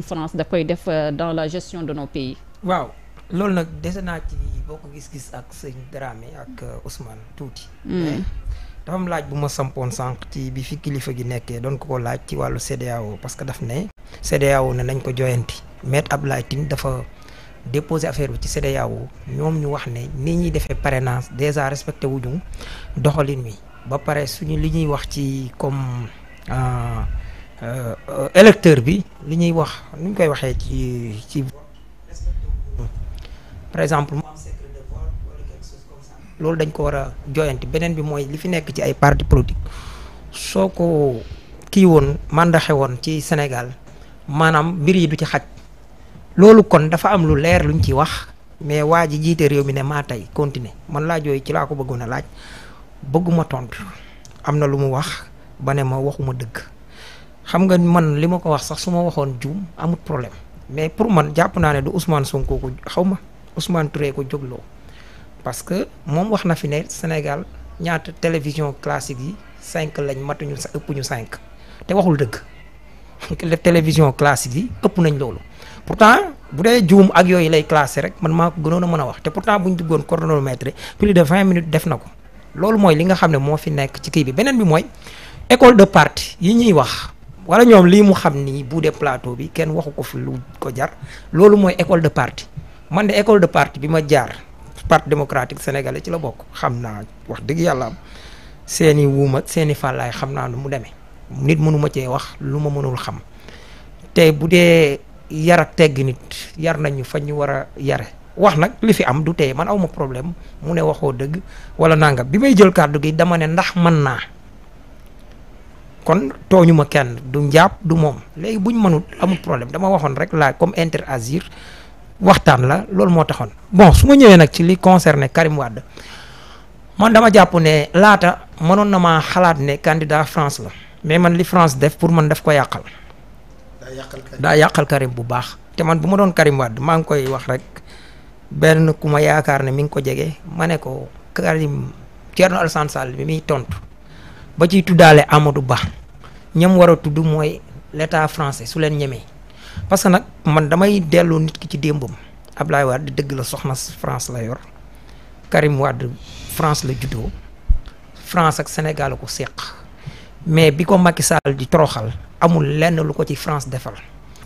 France da koy def euh, dans la gestion de nos pays. waaw loolu nag dese naa ci boo ko gis-gis ak sëñ Dramé ak euh, Ousmane tuuti. Hmm. Eh, dafa laaj bu ma sampoon sànq ci bi fi kilifa gi nekkee doon ko ko laaj ci wàllu CEDEAO parce que daf ne. CEDEAO ne nañ ko joyanti maître Abdoulaye Tine dafa déposé affaire bu ci CEDEAO ñoom ñu wax ne ni ñuy defee parrainage déjà respecté wuñu doxalin wi ba pare suñu li ñuy wax ci comme. Euh, Euh, électeur bi li ñuy wax luñ koy waxee ci ci. par exemple. loolu dañ ko war a joyanti beneen bi mooy li fi nekk ci ay parti politique soo ko kii woon mandaxe woon ci Sénégal maanaam mbir yi du ci xaj loolu kon dafa am lu leer luñ ci wax mais waa ji jiite réew mi ne maa tey continuer man laaj yooyu ci laa ko bëggoon a laaj bëgguma tontu am na lu mu wax ba ne ma waxuma dëgg xam nga man li ma ko wax sax su ma waxoon juum amut problème mais pour man jàpp naa ne du Ousmane Sonko ko xaw ma Ousmane Touré ko jógloo parce que moom wax na fi ne Sénégal ñaata télévision classique yi cinq lañ matuñu sa ëpp ñu cinq te waxul dëgg télévision classique yi ëpp nañ loolu pourtant bu dee juum ak yooyu lay classé rek man maa ko gënoon a mën a wax te pourtant bu ñu duggoon chronomètre plus de vingt minutes def na ko loolu mooy li nga xam ne moo fi nekk ci kii bi beneen bi mooy école de parti yi ñuy wax wala ñoom lii mu xam nii bu dee plateau bi kenn waxu ko fi lu ko jar loolu mooy école de parti man de école de parti bi ma jaar parti démocratique sénégalais ci la bokk xam naa wax dëgg yàlla am seen i wuuma seen i fàllaay xam naa nu mu demee nit mënuma ma cee wax lu ma mënul xam tey bu dee yar ak tegg nit yar nañu fa ñu war a yare wax nag li fi am du tey man aw ma problème mu ne waxoo dëgg wala nangam bi may jël kàddu gi dama ne ndax man naa kon tooñu ma kenn du njàpp du moom léegi buñ mënul amul problème dama waxoon rek laa comme interagir waxtaan la loolu moo taxoon bon su ma ñëwee nag ci li concerné Karim Wade man dama jàpp ne laata mënoon na maa xalaat ne candidat France la mais man li France def pour man def ko yàqal. daa yàqal Karim bu baax te man bu ma doon Karim Wade maa ngi koy wax rek benn ku ma yaakaar ne mi ngi ko jege ma ne ko Karim Thierno Alassane Sall bi muy tontu. ba ciy tuddaale Amadou Ba ñam war a tudd mooy l'état francais su leen ñemee parce que nag man damay delloo nit ki ci démbam Ablaye Wade dëgg la soxna France la yor Karim Wade France la juddoo France ak Sénégal ko seq mais bi ko Macky Sall di toroxal amul lenn lu ko ci France defal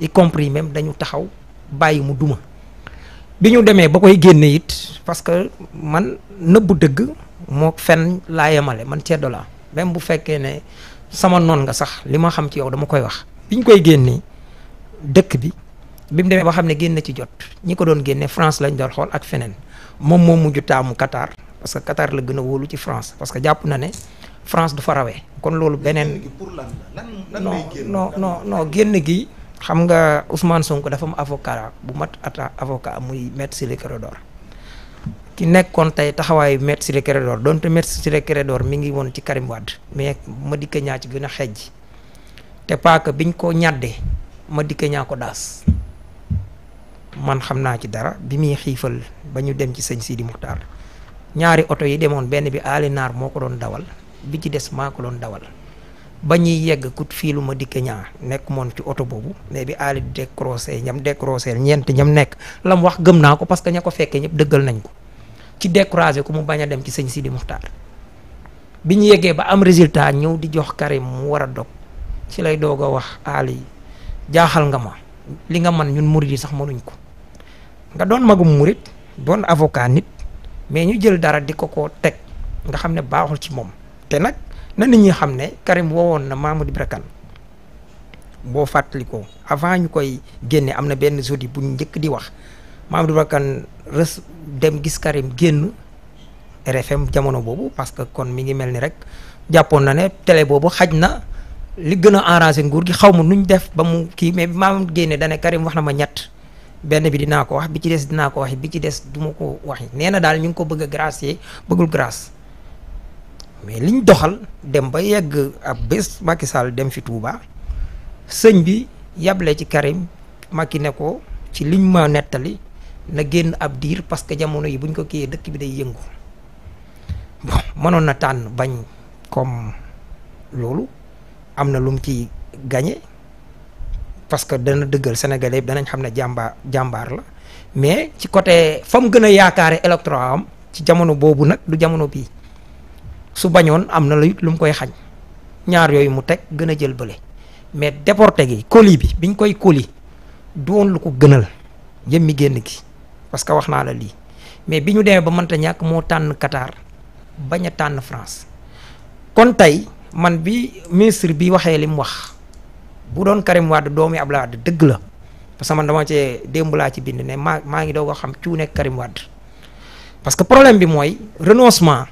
y compris même dañu taxaw bàyyi mu duma bi ñu demee ba koy génne it parce que man nëbbu dëgg moo fenn laa yemale man ceddo laa même bu fekkee ne sama noon nga sax li ma xam ci yow dama koy wax bi ñu koy génnee dëkk bi bi mu demee ba xam ne génn ci jot ñi ko doon génnee France lañ doon xool ak feneen moom moo mujj taamu Qatar parce que Qatar la gën a wóolu ci France parce que jàpp na ne France du fa rawee kon loolu beneen non non non non génn gi xam nga Ousmane Sonko dafa am avocat bu mat ata avocat muy maître Ciré Clédor ki nekkoon tey taxawaayu Maître Ciré Clédor donte Maître Ciré Clédor mi ngi woon ci Karim Wade mais Madické Niang ci gën a xejj te paaka biñ ko ñàddee Madické Niang ko daas man xam naa ci dara bi muy xiifal ba ñu dem ci sëñ sii di Muxtaar ñaari oto yi demoon benn bi aali naar moo ko doon dawal bi ci des maa ko doon dawal ba ñuy yegg kut fii ma Madické Niang nekk moon ci oto boobu mais bi aali décroché ñam décroché ñeent ñam nekk lam wax gëm naa ko parce que ña ko fekkee ñëpp dëggal nañ ko ci découragé ku mu bañ a dem ci sëñ Sidi Muxtaar bi ñu yeggee ba am résultat ñëw di jox Karim mu war a dog ci lay doog a wax Ali jaaxal nga ma li nga man ñun murid yi sax mënuñ ko nga doon magum murit doon avocat nit mais ñu jël dara di ko ko teg nga xam ne baaxul ci moom te nag na nit ñi xam ne Karim woon na Mamadou Ibra Kane boo fàttalikoo avant ñu koy génne am na benn jeudi bu njëkk di wax du Bakane res dem gis Karim génn RFM jamono boobu parce que kon mi ngi mel ni rek jàppoon na ne télé boobu xaj na li gën a arrangé nguur gi xaw ma nu ñu def ba mu kii mais bi maam génne dane Karim wax na ma ñett benn bi dinaa ko wax bi ci des dinaa ko wax bi ci des duma ko waxi nee na daal ñu ngi ko bëgg a gracier bëggul grâce mais liñ doxal dem ba yegg ab bés Macky Sall dem fi Touba sëñ bi yable ci Karim Macky ne ko ci liñ ma nettali na génn ab diir parce que jamono yi buñ ko kiyee dëkk bi day yëngu bon mënoon na tànn bañ comme loolu am na lum ci gagné parce que dana dëggal Sénégalais danañ xam ne jàmbaar jàmbaar la mais ci côté fa mu gën a yaakaare électorat ci jamono boobu nag du jamono bii su bañoon am na lu mu koy xañ ñaar yooyu mu teg gën a jël bële mais déporté gi colis bi biñ koy colis doon lu ko gënal yem mi génn gi parce que wax naa la lii mais bi ñu demee ba mënta ñàkk moo tànn Qatar bañ a tànn France kon tey man bi ministre bi waxee li mu wax bu doon Karim Wade doomi Abdoulaye Wade dëgg la parce que man dama cee démb laa ci bind ne maa maa ngi doog a xam nekk Karim Wade parce que problème bi mooy renoncement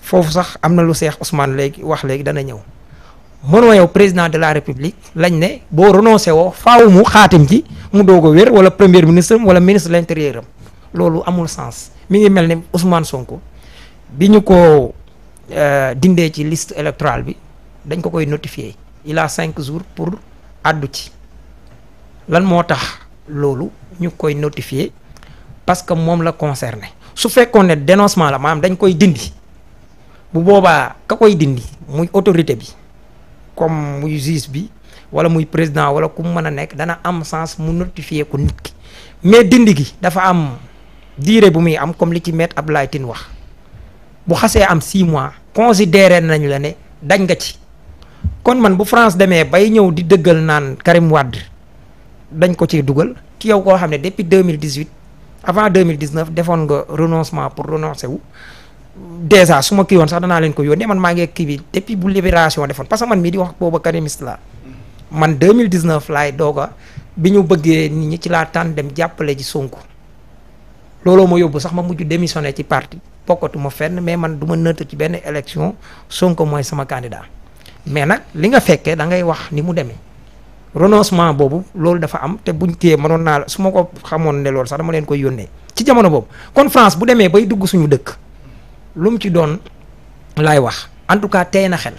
foofu sax am na lu seex Ousmane léegi wax léegi dana ñëw mënoo yow président de la république lañ ne boo renoncé woo faaw xaatim ci mu doog a wér wala première ministre am wala ministre de l'intérieur am loolu amul sens mi ngi mel ni Ousmane Sonko bi ñu ko euh, dindee ci liste électorale bi dañ ko koy notifier il a cinq jours pour àddu ci lan moo tax loolu ñu koy notifier parce que moom la concerné su fekkoon ne dénoncement la maanaam dañ koy dindi bu boobaa ka koy dindi muy autorité bi comme muy juge bi wala muy président wala ku mu mën a nekk dana am sens mu notifier ko nit ki mais dindi gi dafa am diire bu muy am comme li ci maître Abdoulaye Tine wax bu xasee am 6 mois considéré nañ la ne dañ nga ci kon man bu France demee bay ñëw di dëggal naan Karim Wade dañ ko ci dugal ki yow koo xam ne depuis 2018 avant 2019 defoon nga renoncement pour renoncer wu déjà su ma kii woon sax danaa leen ko yónnee man maa ngi kii bi depuis bu libération defoon parce man mii di la man 2019 laay dooga bi ñu bëggee nit ñi ci laa tànn dem jàppale ji Sonko looloo ma yóbbu sax ma mujj démissionné ci parti bokkatuma fenn mais man du ma nëtt ci benn élection Sonko mooy sama candidat mais nag li nga fekkee da ngay wax ni mu demee renoncement boobu loolu dafa am te buñ téye mënoon naa su ma ko xamoon ne loolu sax dama leen koy yónnee ci jamono boobu kon France bu demee bay dugg suñu dëkk lu mu ci doon laay wax en tout cas tey na xel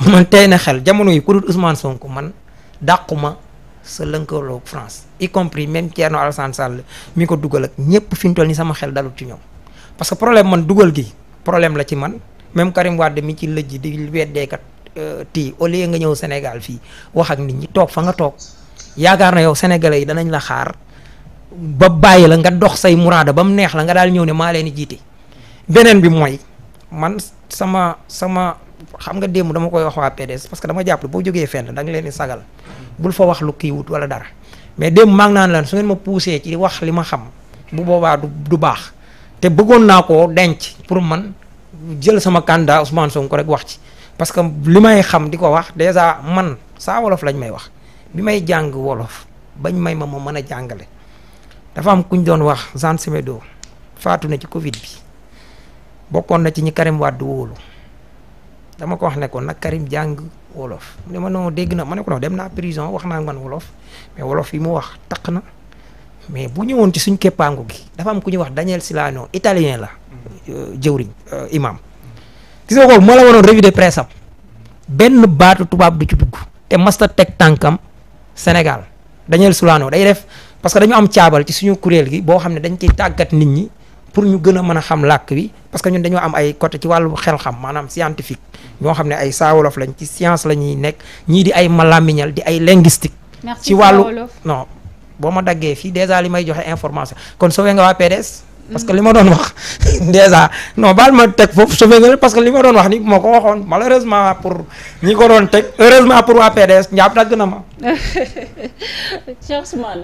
man tey na xel jamono yi ku dul Ousmane Sonko man dàquma sa lëkkaloog France y compris même Thierno Alassane Sall mi ko dugal ak ñëpp fi mu toll nii sama xel dalul ci ñoom parce que problème man dugal gi problème la ci man même Karim Wade mi ci lëj di weddeekat euh, tii au lieu nga ñëw Sénégal fii wax ak nit ñi toog fa nga toog yaakaar na yow sénégalais yi danañ la xaar ba bàyyi la nga dox say muraada ba mu neex la nga daal ñëw ne maa leen di jiite beneen bi mooy man sama sama. xam nga démb dama koy wax waa PDS parce que dama jàpp boo jógee fenn da leen sagal bul fa wax lu kii wut wala dara mais démb maa naan lan su ngeen ma poussé ci wax li ma xam bu boobaa du du baax te bëggoon naa ko denc pour man jël sama candidat Ousmane Sonko rek wax ci parce que li may xam di ko wax dèjà man saa wolof lañ may wax bi may jàng wolof bañ may ma ma mën a jàngale dafa am kuñ doon wax Jean Semedo faatu na ci Covid bi bokkoon na ci ñi Karim Wade wóolu dama ko wax nekkoon nag Karim jàng wolof mu ne ma noo dégg na ma ne ko non dem naa prison wax naa man wolof mais wolof yi mu wax taq na mais bu ñëwoon ci suñ keppaangu gi dafa am ku ñuy wax Daniel Silano italien la. Euh, jëwriñ euh, imam gis nga ko moo la waroon revue de presse benn baatu tubaab du ci dugg te masta teg tànkam Sénégal dañeel Silano day def parce que dañu am caabal ci suñu kuréel gi boo xam ne dañ ciy tàggat nit ñi. pour ñu gën a mën a xam làkk wi parce que ñun dañoo am ay côté ci wàllu xel-xam maanaam scientifique ñoo xam ne ay saawolof lañ ci science la ñuy nekk ñii di ay malamiñal di ay linguistique ci wàllu no boo ma daggee fii dèjà li may joxe information kon soowee nga waa PDS parce que li ma doon wax déjà non ma teg foofu su parce que li ma doon wax ni moo ko waxoon malheureusement pour ni ko doon teg heureusement pour waa PDS ñaap dagg na ma.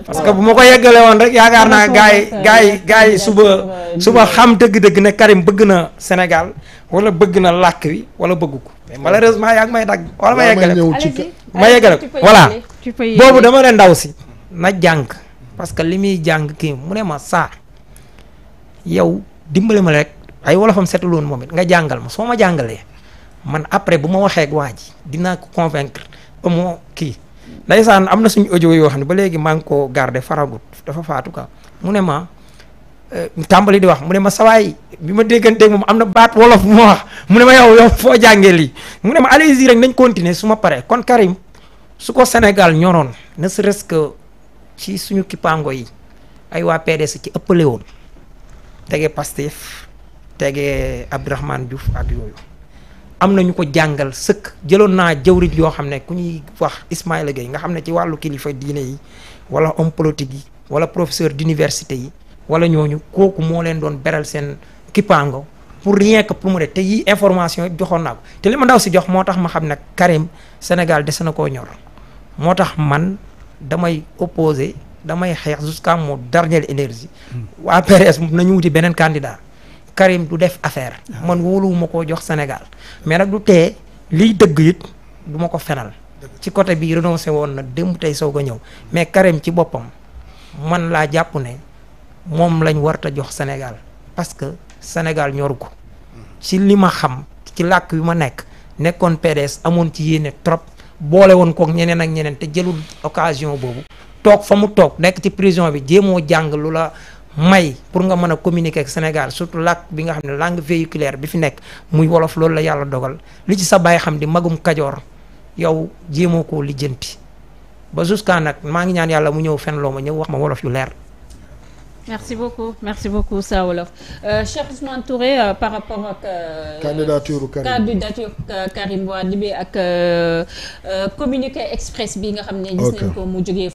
parce que bu ma ko yeggale woon rek yaakaar naa gars yi gars yi gars yi suba suba xam dëgg-dëgg ne Karim bëgg na Sénégal wala bëgg na làkk wi wala bëgg ko mais malheureusement may dagg. wala ma yeggale ko ma yeggale ko voilà. boobu dama ne ndaw si na jàng parce que li muy jàng kii ma saa. yow dimbale ma rek ay wolofam setul woon moom it nga jàngal ma soo ma jàngalee man après bu ma waxee ak waa ji dinaa ko convaincre ba mu kii. ndaysaan am na suñu audio yoo xam ne ba léegi maa koo garder faragut dafa faatu quoi mu ne ma euh, tàmbali di wax mu ne ma sawaay bi ma dégganteeg moom am na baat wolof bu ma wax mu ne ma yow yow foo jàngee lii mu ne ma allez rek nañ continuer su ma paree kon Karim su ko Sénégal ñoroon na si resque ci suñu kipango yi ay waa PDS ci ëppale woon. tege Pastef tege Abdourahmane Diouf ak yooyu am na ñu ko jàngal sëkk jëloon naa jëwriñ yoo xam ne ku ñuy wax Ismaïla yi nga xam ne ci wàllu kilifa diine yi wala om politique yi wala professeur d'université yi wala ñooñu kooku moo leen doon beral seen kippaango pour rien que pour mu de te yii information joxoon naa ko te li ma ndaw si jox moo tax ma xam ne Karim Sénégal des na koo ñor moo tax man damay opposé damay xeex jusqu'à mon dernière énergie. waa PRS nañu wuti beneen candidat. Karim du def affaire. Ah. man wóoluwuma koo jox Sénégal. mais nag du tee liy dëgg it du ma ko fenal. ci côté bi renoncé woon na démb tey soog a ñëw. mais Karim ci boppam man laa jàpp ne moom lañ warta jox Sénégal parce que Sénégal ñor ko. Mm. ci li ma xam ci làkk yu ma nekk nekkoon PDS amoon ci yéene trop. boole woon kook ñeneen ak ñeneen te jëlul occasion boobu toog fa mu toog nekk ci prison bi jéemoo jàng lu la may pour nga mën a communiquer ak Sénégal surtout làkk bi nga xam ne langue véhiculaire bi fi nekk muy wolof loolu la yàlla dogal li ci sa baay xam di magum kajoor yow jéemoo koo lijjanti ba jusqu'à nag maa ngi ñaan yàlla mu ñëw fen loo ma ñëw wax ma wolof yu leer merci beaucoup merci beaucoup Saa Wolof euh, Cheikh Ousmane euh, par rapport ak. Euh, candidature Karim candidature Karim Wade bi ak communiqué express bi nga xam ne. gis ko mu jógee